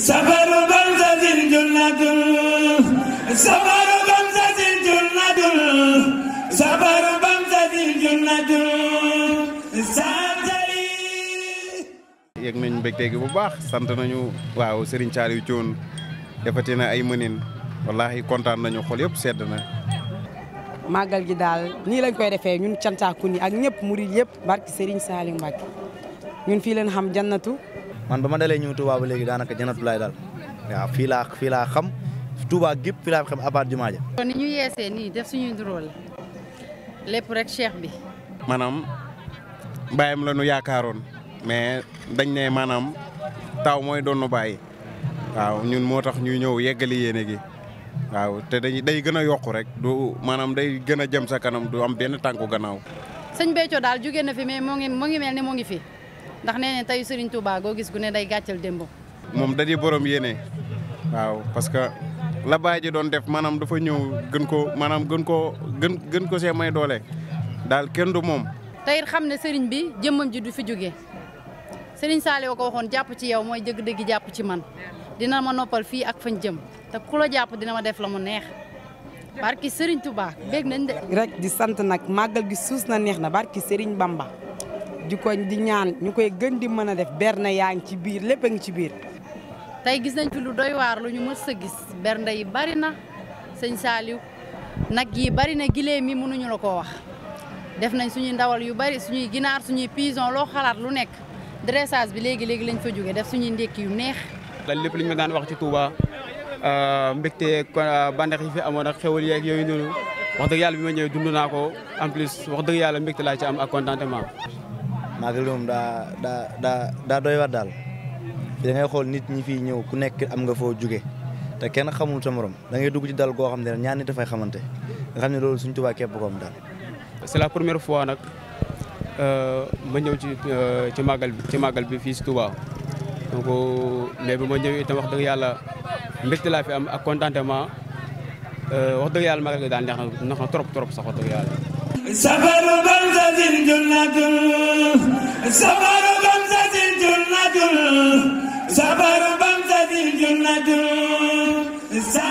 sabaru gamzatin junnatun sabaru gamzatin junnatun sabaru gamzatin junnatun yëg nañ mbégte gi bu baax sant nañu waaw Serigne Thialiou Thioune na ay mënin wallaahi kontaan nañu xol yëpp sedd na. màggal gi daal nii lañ koy defee ñun cantaakun yi ak ñëpp murid yëpp barki Serigne Saliou Mbacké ñun fii leen xam jannatu man ba ma dalee ñëw Touba léegi daanaka janatu daal waaw fii laa fii laa xam Touba gépp fii laa xam abaat jumaa ja kon ni ñu yeesee nii def suñuy drôle lépp rek cheikh bi. maanaam bàyyam la nu yaakaaroon mais dañ ne maanaam taw mooy doon nu bàyyi waaw ñun moo tax ñu ñëw yeggali yéene gi waaw te dañuy day gën a yokku rek du maanaam day gën a jëm sa kanam du am benn tànku gannaaw. sëñ Béthio daal jóge na fi mais moo ngi moo ngi mel ne moo ngi fi. ndax nee ne tey Serigne Touba goo gis gu ne day gàccal démb. moom da di borom yéene waaw parce que la baay doon def maanaam dafa ñëw gën ko maanaam gën koo gën gën ko see may doole daal kenn du moom. te xam ne Serigne bi jëmmam ji du fi jóge Serigne Saliou ko waxoon jàpp ci yow mooy jëgg dëgg jàpp ci man dina ma noppal fii ak fañ jëm te ku la jàpp dina ma def la mu neex. barki Serigne Touba bég nañ de. rek di sant nag màggal gi suus na neex na barki Serigne Bamba. di ko di ñaan ñu koy gën di mën a def berne yaa ngi ci biir lépp a ngi ci biir. tey gis nañ fi lu doy waar lu ñu mës a gis bernde yi bari na sëñ Saliou nag yi bari na gileem yi mënuñu la ko wax. def nañ suñuy ndawal yu bari suñuy ginaar suñuy pison loo xalaat lu nekk dressage bi léegi léegi lañ fa jógee def suñuy ndékki yu neex. daal lépp li ñu daan wax ci Touba euh, mbégte euh, bànneex yi fi amoon na xewal yeeg yooyu noonu wax dëgg yàlla bi ma ñëwee naa ko en plus wax dëgg yàlla mbégte laa ci am ak contentement. màggal moom daa daa daa daa doy war daal fi da ngay xool nit ñi fii ñëw ku nekk am nga foo jóge te kenn xamul sa moroom da ngay dugg ci daal goo xam ne ñaan nit dafay xamante nga xam ne loolu suñ Tuubaa képp ko am daal. c'est la première fois nag euh, ma ñëw ci euh, ci màggal bi ci màggal bi fii si Touba donc mais bi ma ñëwee itam wax dëgg yàlla mbégte laa fi am ak contentement euh, wax dëgg yàlla ma gi daal neex na neex na trop trop sax wax dëgg yàlla. Zabar bamza zin junnatul Zabar bamza zin junnatul Zabar